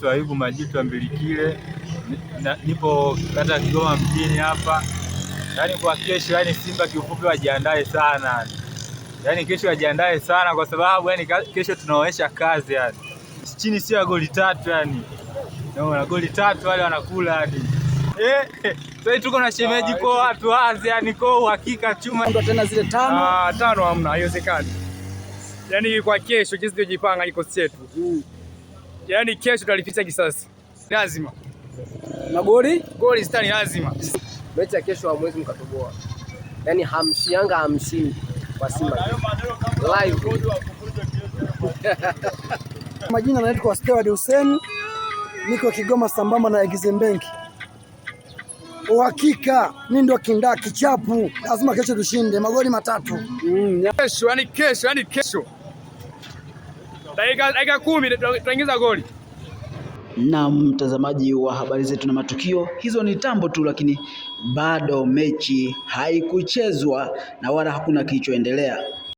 naitwa Ayubu Majitwa Mbilikile, nipo kata Kigoma mjini hapa. Yaani kwa kesho, yaani Simba kiufupi wajiandae sana, yaani kesho wajiandae sana kwa sababu yaani kesho tunaonyesha kazi, yaani chini sio ya goli tatu, yaani na goli tatu wale wanakula hadi yaani. eh, Sasa tuko na shemeji kwa watu wazi, yani kwa uhakika chuma ndo tena zile tano. Ah, tano hamna, haiwezekani. Yaani kwa kesho jinsi tulivyojipanga kikosi chetu. Mm. Yaani kesho tutalipitia kisasi. Lazima. Magoli? Goli sita lazima. Mechi ya kesho hamwezi mkatoboa. Yaani hamshi Yanga hamshi kwa Simba. Live. Majina naitwa Steward Hussein. Niko Kigoma sambamba na Exim Bank. Uhakika mimi ndo kinda kichapu, lazima kesho tushinde magoli matatu. Mm, kesho yani kesho yani kesho dakika kumi tutaingiza goli. Na mtazamaji wa habari zetu na matukio, hizo ni tambo tu, lakini bado mechi haikuchezwa na wala hakuna kilichoendelea.